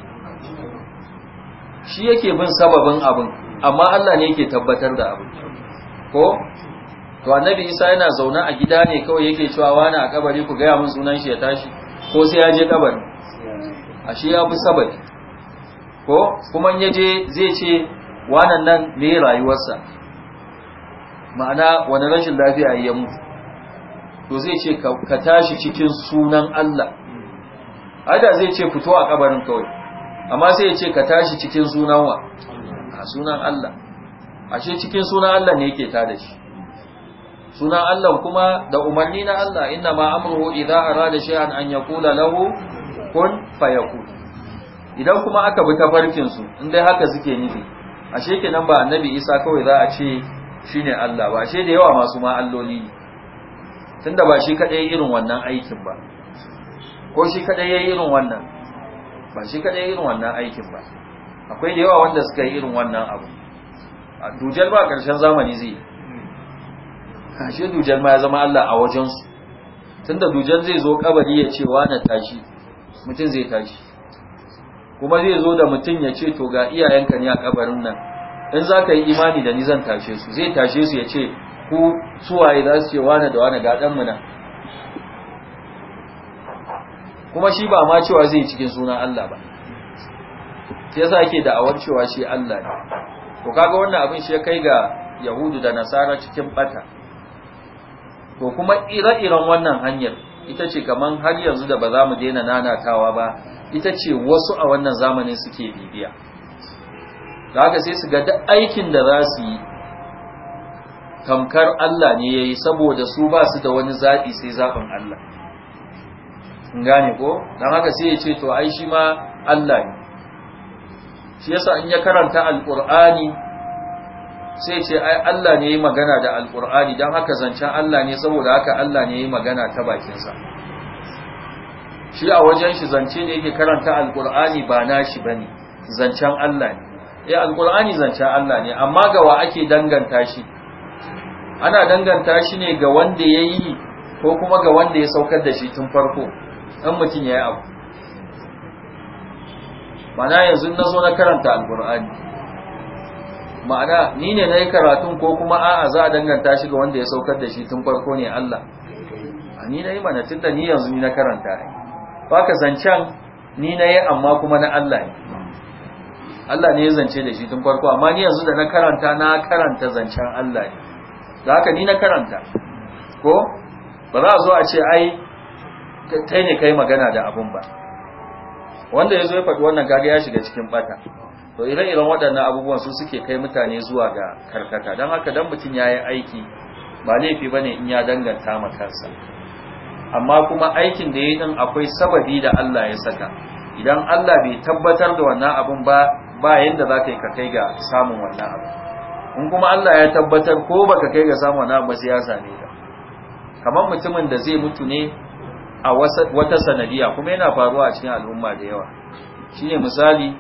A: shi yake bin sababin abin amma Allah ne yake tabbatar da abin ko to annabi isa yana zaune a gida ne kawai yake cewa wani a kabari ku gaya min sunan shi ya tashi ko sai ya je kabari a shi ya fi sababi ko kuma ya je zai ce wannan nan me rayuwarsa ma'ana wani rashin lafiya ya mutu to zai ce ka tashi cikin sunan Allah ada zai ce fito a kabarin kawai amma sai ya ce ka tashi cikin sunan wa a sunan Allah ashe cikin sunan Allah ne yake tada shi sunan Allah kuma da umarni na Allah inna ma amruhu idza arada shay'an an yaqula lahu kun fayakun idan kuma aka bi tafarkin su in dai haka suke nufi ashe kenan ba annabi Isa kawai za a ce shine Allah ba shi da yawa masu ma alloli tunda ba shi kadai irin wannan aikin ba ko shi kadai yayin irin wannan ba shi kadai irin wannan aikin ba akwai da yawa wanda suka yi irin wannan abu a dujal ba karshen zamani zai kashe dujal ma ya zama Allah a wajen su tunda dujal zai zo kabari ya ce wani na tashi mutum zai tashi kuma zai zo da mutum ya ce to ga iyayenka ne a kabarin nan in za ka yi imani da ni zan tashe su zai tashe su ya ce ku suwaye za su ce wane da wane ga ɗanmu muna kuma shi ba ma cewa zai cikin sunan Allah ba sai yasa ke da'awar cewa shi Allah ne to kaga wannan abin shi ya kai ga Yahudu da Nasara cikin bata to kuma ire-iren wannan hanyar ita ce kaman har yanzu da ba za mu daina nanatawa ba ita ce wasu a wannan zamanin suke bibiya da haka sai su ga duk aikin da za su yi tamkar Allah ne ya yi saboda su ba su da wani zaɓi sai zaɓin Allah gane ko don haka sai ya ce to ai shi ma Allah ne shi yasa in ya karanta alƙur'ani sai ce ai Allah ne ya yi magana da alƙur'ani don haka zancen Allah ne saboda haka Allah ne ya yi magana ta bakinsa shi a wajen shi zance ne yake karanta alƙur'ani ba nashi ba ne zancen Allah ne ya alkur'ani zancen Allah ne amma ga wa ake danganta shi ana danganta shi ne ga wanda ya yi ko kuma ga wanda ya saukar da shi tun farko in mutum ya yi abu mana yanzu na zo na karanta alkur'ani ma'ana ni ne na yi karatun ko kuma a'a za a danganta shi ga wanda ya saukar da shi tun farko ne Allah ni na yi mana tun da ni yanzu ni na karanta ne ba ka zancen ni na yi amma kuma na Allah ne Allah ne ya zance da shi tun farko amma ni yanzu da na karanta na karanta zancen Allah ne da haka ni na karanta ko ba za a zo a ce ai kai ne kai magana da abun ba wanda ya zo ya faɗi wannan gaga ya shiga cikin bata to ire-iren waɗannan abubuwan su suke kai mutane zuwa ga karkata don haka dan mutum ya yi aiki ba laifi ba ne in ya danganta ma kansa amma kuma aikin da ya yi akwai sababi da Allah ya saka idan Allah bai tabbatar da wannan abun ba ba yanda za ka yi ka kai ga samun wannan abu in kuma Allah ya tabbatar ko ba ka kai ga samun wannan abu sai ya same ka kamar mutumin da zai mutu ne a wata sanadiya kuma yana faruwa a cikin al'umma da yawa shine misali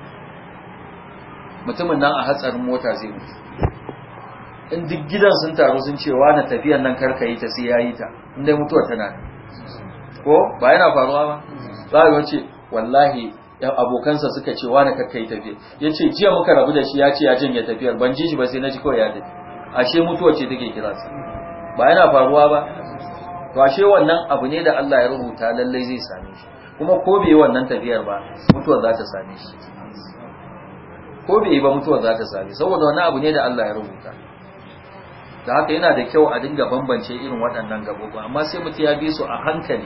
A: mutumin nan a hatsarin mota zai mutu in duk gidan sun taru sun ce wa na tafiyan nan karka yi ta sai ya yi ta in dai mutuwar tana ko ba yana faruwa ba za a wace wallahi abokansa suka ce wani kakka yi tafiya ya ce jiya muka rabu da shi ya ce ya janye tafiyar ban ji shi ba sai na ji kawai ya tafi ashe mutuwa ce take kira su ba yana faruwa ba to ashe wannan abu ne da Allah ya rubuta lallai zai same shi kuma ko bai wannan tafiyar ba mutuwa za ta same shi ko bai ba mutuwa za ta same saboda wannan abu ne da Allah ya rubuta da haka yana da kyau a dinga bambance irin waɗannan gabobi amma sai mutum ya bi su a hankali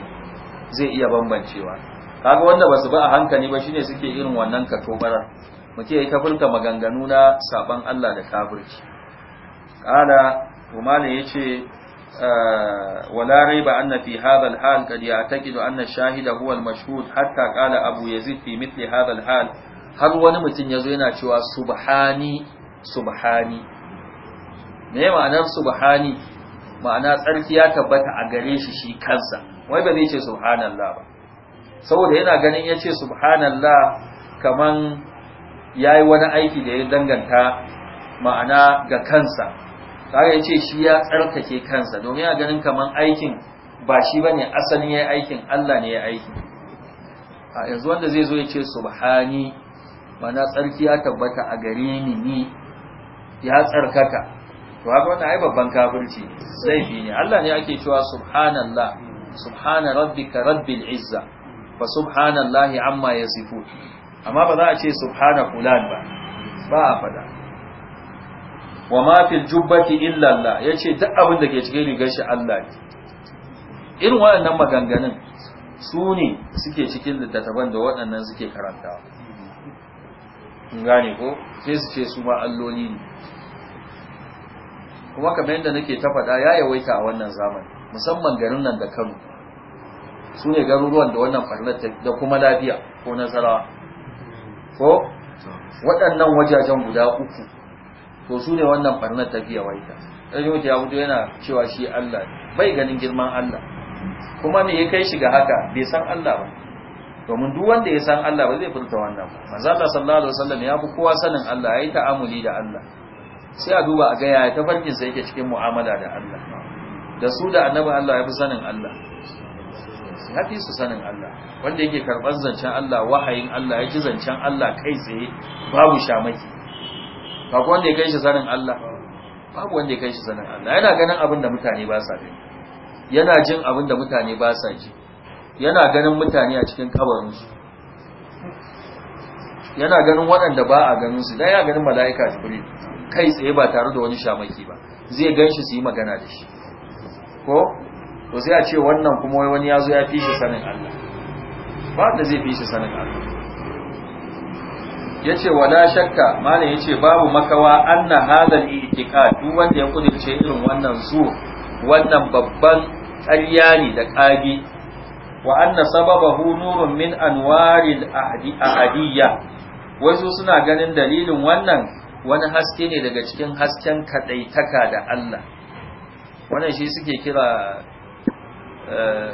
A: zai iya bambancewa kaga wanda basu ba a hankali ba shine suke irin wannan katobarar muke yi ta maganganu na saban Allah da kafirci qala umala yace ah, wala raiba anna fi hadha al-hal qad ya'taqidu anna shahida huwa al-mashhud hatta qala abu yazid fi mithli hadha al-hal har wani mutum yazo yana cewa subhani subhani me ma'anar subhani ma'ana tsarki ya tabbata a gare shi shi kansa wai ba zai ce subhanallah ba saboda yana ganin ya ce subhanallah kaman ya yi wani aiki da ya danganta ma'ana ga kansa kaga ya ce shi ya tsarkake kansa domin ya ganin kaman aikin ba shi ba ne asalin ya yi aikin allah ne ya aiki a yanzu wanda zai zo ya ce subhani ma'ana tsarki ya tabbata a gare ni ni ya tsarkaka to haka wannan ai babban kafirci laifi ne Allah ne ake cewa subhanallah subhana rabbika rabbil izza fa subhanallahi amma yasifu amma ba za a ce subhana fulan ba ba a fada wa ma fil jubbati illa Allah yace duk abin da ke cikin rigar shi Allah ne irin waɗannan maganganun su ne suke cikin littattafan da waɗannan suke karantawa kun gane ko sai su ce su ma alloli ne kuma kamar yadda nake ta faɗa ya yawaita a wannan zamani musamman garin nan da Kano su ne garuruwan da wannan farnar da kuma lafiya ko nasarawa ko waɗannan wajajen guda uku to su ne wannan farnar tafiya waita ɗan yau ya hudu yana cewa shi Allah bai ganin girman Allah kuma me ya kai shi ga haka bai san Allah ba domin duk wanda ya san Allah ba zai furta wannan ba manzo Allah sallallahu alaihi wasallam ya fi kowa sanin Allah yayi ta'amuli da Allah sai a duba a ga yaya tafarkin sa yake cikin mu'amala da Allah da su da annabi Allah ya fi sanin Allah ya fi su sanin Allah wanda yake karɓar zancen Allah wahayin Allah ya ji zancen Allah kai tsaye babu shamaki ba wanda ya kai shi sanin Allah babu wanda ya kai shi sanin Allah yana ganin abin da mutane ba sa gani yana jin abin da mutane ba sa ji yana ganin mutane a cikin su yana ganin waɗanda ba a ganin su dan ya ganin mala'ika jibril kai tsaye ba tare da wani shamaki ba zai gan shi su yi magana da shi ko to sai a ce wannan kuma wai wani ya zo ya fi shi sanin Allah ba da zai fi shi sanin Allah ya ce wala shakka malam ya ce babu makawa anna hadal itika duk wanda ya kudirce irin wannan zuwa wannan babban ƙarya da ƙagi wa anna sababahu nurun min anwaril ahadiyya wasu suna ganin dalilin wannan wani haske ne daga cikin hasken kadaitaka da Allah wannan shi suke kira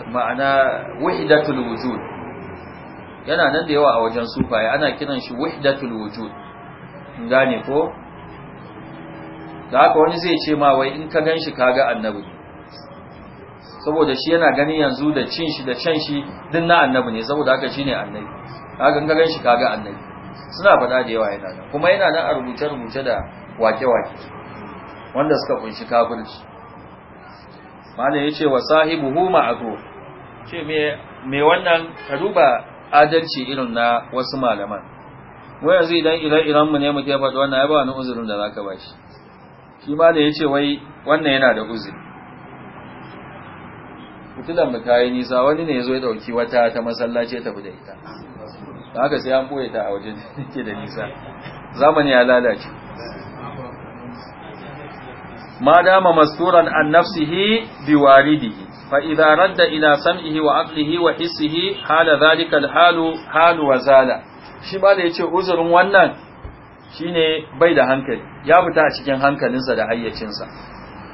A: ma'ana wahdatul wujud yana nan da yawa a wajen sufaye ana kiran shi wahdatul wujud gane ko da haka wani zai ce ma wai in ka ganshi kaga annabi saboda shi yana gani yanzu da cin shi da can shi din na annabi ne saboda haka shine annabi kaga in ka ganshi kaga annabi suna faɗa da yawa yana kuma yana nan a rubuce-rubuce da wake-wake wanda suka kunshi kafirci ya ce wa sahibuhu ma'zur ce me wannan ka duba adalci irin na wasu malaman wai yanzu idan ire irenmu mu ne mu ke faɗi wannan ya ba wani uzurin da ka ba shi shi ma da ce wai wannan yana da uzuri mutulan mu ta yi nisa wani ne ya zo ya ɗauki wata ta masallaci ya tafi da ita haka sai an ɓoye ta a wajen ke da nisa zamani ya lalace ما دام masturan عن نفسه بوالده فإذا رد إلى سمعه وعقله وحسه wa ذلك wa حال hala dhalika halu halu wa shi yace uzurin wannan shine bai da hankali ya fita a cikin hankalinsa da hayyacinsa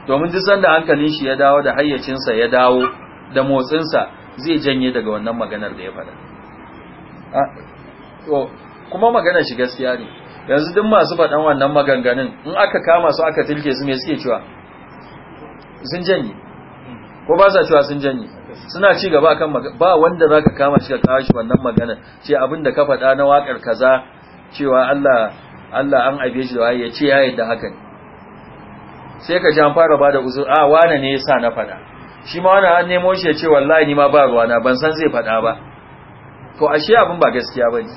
A: domin duk sanda hankalin shi ya dawo da hayyacinsa ya dawo da motsinsa zai janye daga wannan maganar da ya faɗa kuma maganar shi gaskiya ne yanzu duk masu faɗan wannan maganganun in aka kama su aka tilke su me suke cewa sun janye ko ba sa cewa sun janye suna ci gaba kan ba wanda za ka kama shi ka kawo shi wannan magana ce abin ka faɗa na wakar kaza cewa Allah Allah an aibe shi da waye ya ce ya yadda haka ne sai ka ji an fara bada uzur a wane ne yasa na faɗa shi ma wani an nemo shi ya ce wallahi ni ma ba ruwana ban san zai faɗa ba to ashe abin ba gaskiya bane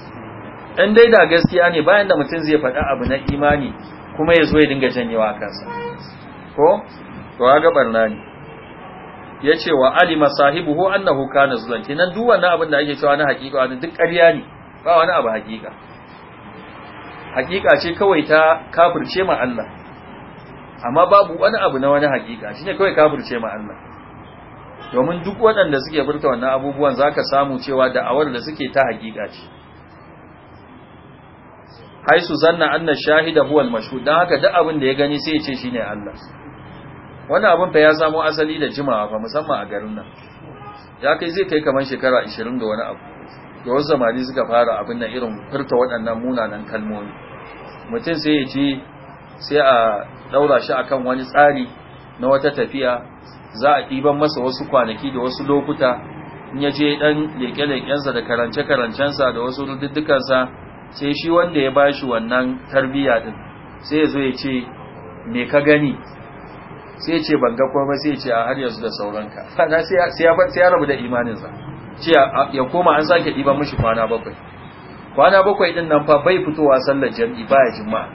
A: in dai da gaskiya ne bayan da mutum zai faɗi abu na imani kuma ya zo ya dinga janyewa kansa ko to ga barna ne ya ce wa alima ho annahu kana zulan kenan duk wannan abin da ake cewa na hakika wani duk ƙarya ne ba wani abu hakika hakika ce kawai ta kafirce ma Allah amma babu wani abu na wani hakika shine kawai kafirce ma Allah domin duk waɗanda suke furta wannan abubuwan zaka samu cewa da'awar da suke ta hakika ce haisu zanna anna shahida huwal mashhud dan haka duk abin da ya gani sai ya ce shine Allah wannan abin fa ya samo asali da jimawa fa musamman a garin nan ya kai zai kai kamar shekara 20 da wani abu da wasu zamani suka fara abin nan irin furta waɗannan munanan kalmomi mutum sai ya ji sai a daura shi akan wani tsari na wata tafiya za a ɗiban masa wasu kwanaki da wasu lokuta in ya je ɗan leƙe-leƙensa da karance-karancensa da wasu rududdukansa sai shi wanda ya ba shi wannan tarbiyya din sai ya zo ya ce me ka gani sai ce ban ga kuma sai ce a har yanzu da sauranka sai <laughs> sai ya sai ya rabu da imaninsa ce ya koma an sake diba mashi kwana bakwai kwana bakwai din nan fa bai fitowa sallar jami ba ya juma'a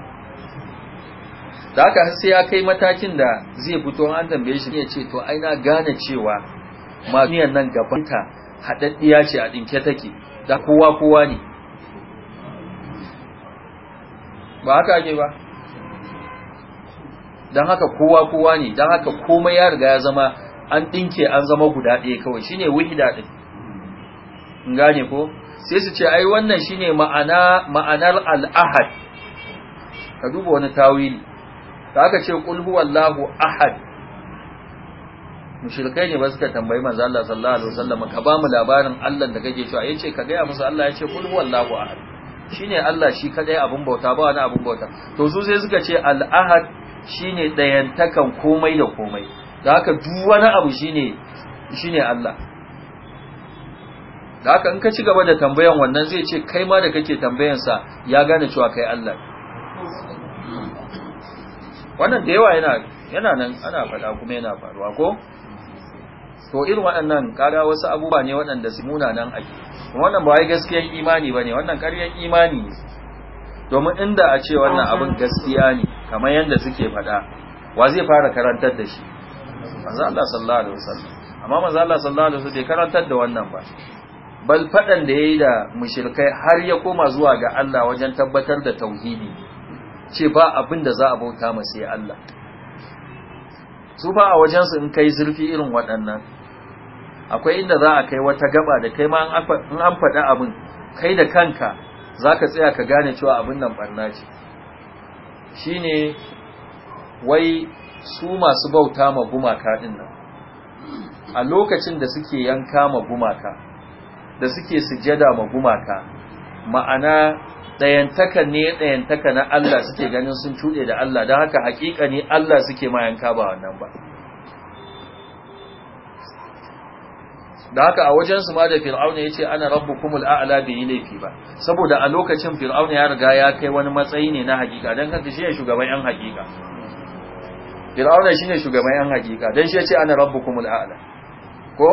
A: da har sai ya kai matakin da zai fito an tambaye shi ya ce to aina gane cewa ma nan gabanta haɗaɗɗiya ce a ɗinke take da kowa kowa ne ba haka ake ba don haka kowa kowa ne don haka komai ya riga ya zama an ɗinke an zama guda ɗaya kawai shine wahida ɗin gane ko sai su ce ai wannan shine ma'ana ma'anar al-ahad ka duba wani tawili da haka ce qul huwallahu ahad mushrikai ne ba suka tambayi manzo Allah sallallahu alaihi wasallam ka ba mu labarin Allah da kake cewa yace ka ga musu Allah yace kul huwallahu ahad shine Allah shi kadai abun bauta ba wani abun bauta to su sai suka ce al-ahad shine dayantakan komai da komai da haka duk wani abu shine shine Allah da haka in ka ci gaba da tambayan wannan zai ce kai ma da kake tambayan sa ya gane cewa kai Allah wannan da yawa yana yana nan ana faɗa kuma yana faruwa ko to irin waɗannan ƙara wasu abubuwa ne waɗanda su munanan ake wannan ba wai gaskiyar imani ba ne, wannan ƙaryar imani ne domin inda a ce wannan abin gaskiya ne kamar yadda suke faɗa wa zai fara karantar da shi manzo Allah sallallahu alaihi wasallam amma manzo Allah sallallahu alaihi wasallam bai karantar da wannan ba bal faɗan da yayi da mushrikai har ya koma zuwa ga Allah wajen tabbatar da tauhidi ce ba abin da za a bauta masa sai Allah su fa a wajensu in kai zurfi irin waɗannan akwai inda za a kai wata gaba da kai ma in an faɗi abin kai da kanka za ka tsaya ka gane cewa abin nan ɓarna ce shi ne wai su masu bauta ma gumaka ɗin nan a lokacin da suke yanka ma gumaka da suke sujada ma gumaka ma'ana ɗayantaka ne ɗayantaka na Allah suke ganin sun cuɗe da Allah don haka haƙiƙa ne Allah suke mayanka ba wannan ba da haka a wajensu ma da fir'auna ya ce ana rabu kuma a'ala bai yi laifi ba saboda a lokacin fir'auna ya riga ya kai wani matsayi ne na haƙiƙa don haka shi ne shugaban 'yan haƙiƙa fir'auna shi ne shugaban 'yan haƙiƙa don shi ya ce ana rabu kuma a'ala ko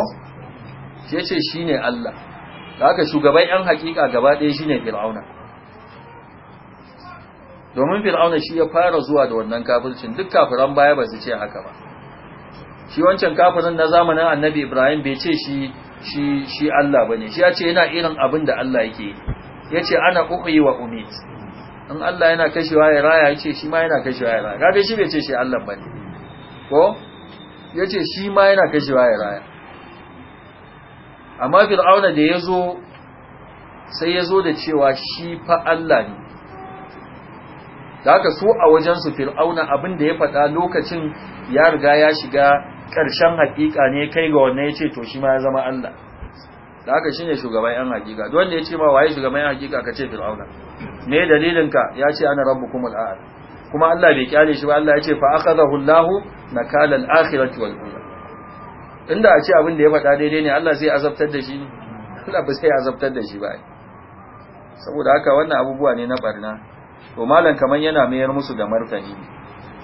A: shi ya ce shi ne Allah da haka shugaban yan hakika gaba ɗaya shine fir'auna domin fir'auna shi ya fara zuwa da wannan kafircin duk kafiran baya ba su ce haka ba shi wancan kafirin na zamanin annabi ibrahim bai ce shi shi shi Allah bane shi ya ce yana irin abin da Allah yake ya ce ana uhyi wa umid in Allah yana kashewa ya raya ya ce shi ma yana kashewa ya raya kaga shi bai ce shi Allah bane ko ya ce shi ma yana kashewa ya raya amma fir'auna da ya zo sai ya zo da cewa shi fa Allah ne da su a wajensu fir'auna abin da ya faɗa lokacin ya riga ya shiga ƙarshen haƙiƙa ne kai ga wannan ya ce to shi ma ya zama Allah da haka shi ne shugaban yan haƙiƙa don da ya ce ma waye shugaban yan haƙiƙa ka ce fir'auna me dalilinka ya ce ana rabbukum al'a kuma Allah bai kyale shi ba Allah ya ce fa akhadahu Allahu nakala al-akhirati wal ula inda a ce abin da ya faɗa daidai ne Allah zai azabtar da shi Allah ba sai azabtar da shi ba saboda haka wannan abubuwa ne na barna to malam kaman yana mayar musu da martani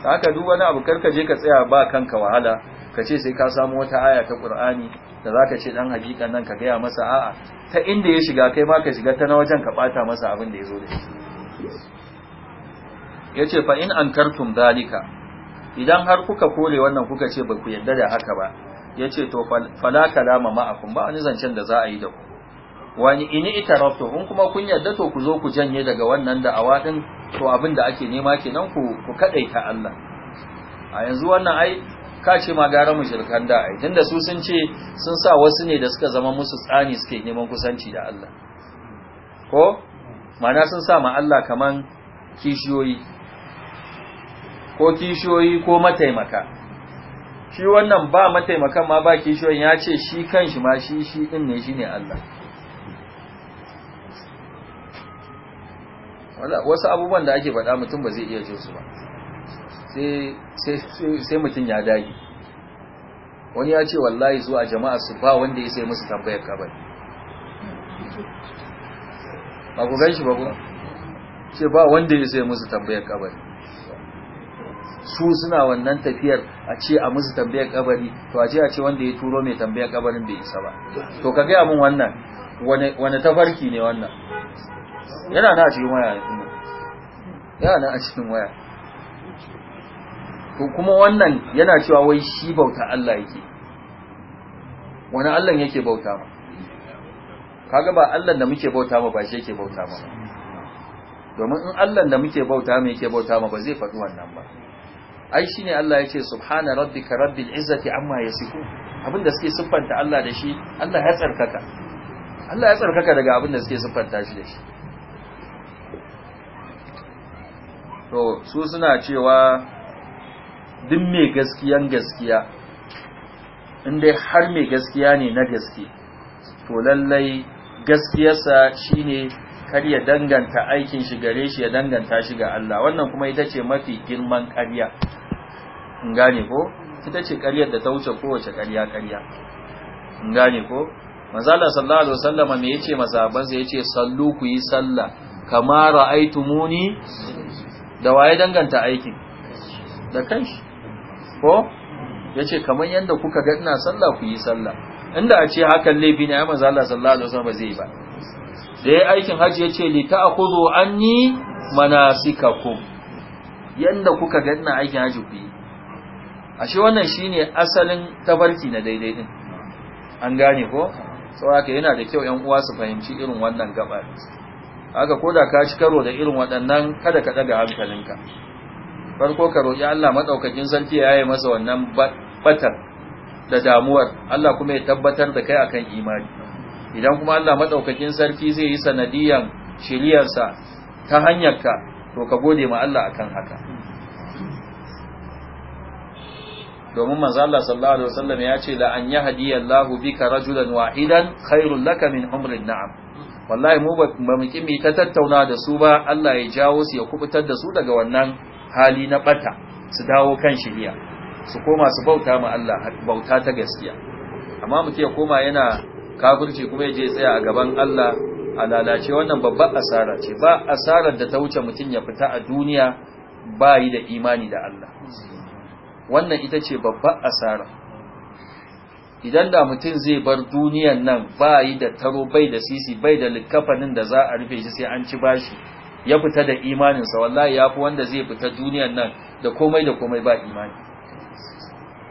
A: haka duk wani abu karka je ka tsaya ba kanka wahala ka ce sai ka samu wata aya ta Qur'ani da zaka ce dan hakikan nan ka gaya masa a'a ta inda ya shiga kai ma ka shiga ta na wajen ka bata masa abin da yazo da shi yace fa in ankartum dalika idan har kuka kore wannan kuka ce ba ku yarda da haka ba ya ce to fala kalama ma'akum ba wani zancen da za a yi da ku wani ini itarabtu in kuma kun yarda to ku zo ku janye daga wannan da din to abin da ake nema kenan ku ku kadaita Allah a yanzu wannan ai ka ce ma gara shirkan da ai tunda su sun ce sun sa wasu ne da suka zama musu tsani suke neman kusanci da Allah ko mana sun sa ma Allah kaman kishiyoyi ko kishiyoyi ko mataimaka shi wannan ba mataimakan ma ba kishiyon ya ce shi kanshi ma shi shi din ne ne Allah wasu abubuwan da ake faɗa mutum ba zai iya ce su ba sai mutum ya dagi wani ya ce wallahi zuwa jama'a su ba wanda ya sai musu tambayar kabar ba ku gan shi ba ku ce ba wanda ya sai musu tambayar kabari su suna wannan tafiyar a ce a musu tambayar kabari to a ce a ce wanda ya turo mai tambayar kabarin bai isa ba to ka gaya min wannan wani tafarki ne wannan yana na a cikin waya ne yana na a cikin waya to kuma wannan yana cewa wai shi bauta Allah yake wani Allah yake bauta ma kaga ba Allah da muke bauta ma ba shi yake bauta ma domin in Allah da muke bauta ma yake bauta ma ba zai faɗi wannan ba ai shine Allah yace subhana rabbika rabbil izzati amma yasifun abinda suke siffanta Allah da shi Allah ya tsarkaka Allah ya tsarkaka daga abinda suke siffanta shi da shi to su suna cewa duk mai gaskiyan gaskiya in dai har mai gaskiya ne na gaske to lallai gaskiyarsa shine kar ya danganta aikin shi gare shi ya danganta shi ga Allah wannan kuma ita ce mafi girman ƙarya in gane ko ita ce ƙaryar da ta wuce kowace ƙarya ƙarya in gane ko manzala sallallahu alaihi wasallama me yace masahaban sa yace sallu ku yi sallah kama ra'aytumuni da waye danganta aikin da kanshi ko yace kamar yanda kuka ga ina sallah ku yi sallah inda a ce hakan laifi ne ai manzala sallallahu alaihi wasallama zai ba da yayin aikin haji yace li ta'khudhu anni manasikakum yanda kuka ga ina aikin haji ku yi ashe wannan shine asalin tabarki na daidai din an gane ko saboda yana da kyau ƴan uwa su fahimci irin wannan gabar haka koda ka ci karo da irin waɗannan kada ka daga hankalinka farko ka roƙi Allah madaukakin sarki ya yi masa wannan batar da damuwar Allah kuma ya tabbatar da kai akan imani idan kuma Allah madaukakin sarki zai yi sanadiyan shiriyarsa ta hanyarka to ka gode ma Allah akan haka domin manzo Allah sallallahu alaihi wasallam ya ce la an yahdi Allahu bika rajulan wahidan khairul laka min umrin na'am wallahi mu ba mu kimi ta tattauna da su ba Allah ya jawo su ya kubutar da su daga wannan hali na bata su dawo kan shiriya su koma su bauta ma Allah bauta ta gaskiya amma mutum ya koma yana kafirci kuma ya je tsaya a gaban Allah a lalace wannan babbar asara ce ba asarar da ta wuce mutum ya fita a duniya ba yi da imani da Allah wannan ita ce babbar asara idan da mutum zai bar duniyan nan ba yi da taro bai da sisi bai da likafanin da za a rufe shi sai an ci bashi ya fita da imaninsa wallahi ya fi wanda zai fita duniyan nan da komai da komai ba imani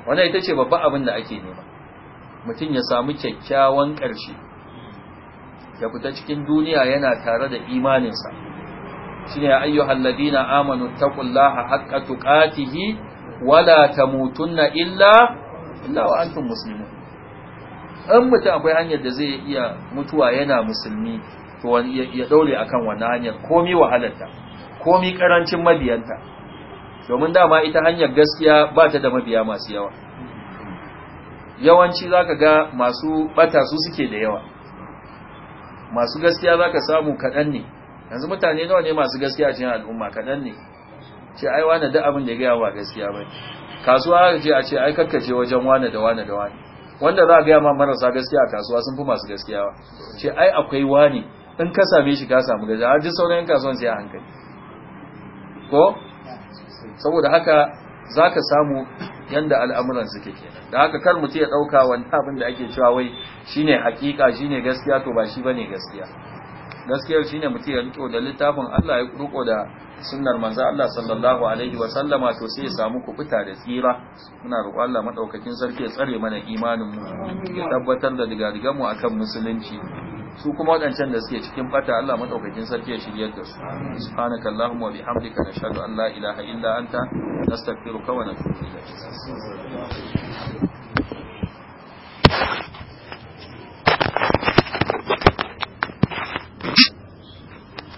A: wannan ita ce babban abin da ake nema mutum ya samu kyakkyawan ƙarshe ya fita cikin duniya yana tare da imaninsa shine ayyuhal ladina amanu taqullaha haqqa tuqatihi wala tamutunna illa illa wa antum muslimun in mutum akwai hanyar da zai iya mutuwa yana musulmi to ya daure akan wannan hanyar komi wahalarta komi karancin mabiyanta domin dama ita hanyar gaskiya ba ta da mabiya masu yawa yawanci zaka ga masu bata su suke da yawa masu gaskiya zaka samu kaɗan ne yanzu mutane nawa ne masu gaskiya cikin al'umma kaɗan ne ce ai wane da abin da ya gaya wa gaskiya ba kasuwa ga ce a ce ai karkace wajen wane da wane da wane wanda za a gaya ma marasa gaskiya a kasuwa sun fi masu gaskiya ba ce ai akwai wani in ka same shi ka samu gaskiya har ji sauran kasuwan sai a hankali ko saboda haka za ka samu yanda al'amuran suke kenan da haka kar mutum ya ɗauka wani abin da ake cewa wai shine hakika shine gaskiya to ba shi bane gaskiya gaskiyar shine mutum ya riko da littafin Allah ya riko da sunnar manzo Allah sallallahu alaihi wa sallama to sai ya samu ku fita da tsira muna roƙon Allah madaukakin sarki ya tsare mana imanin mu ya tabbatar da digadigan mu akan musulunci su kuma wadancan da suke cikin fata Allah madaukakin sarki ya shiryar da su subhanakallahumma wa bihamdika nashhadu an la ilaha illa anta nastaghfiruka wa natubu ilayk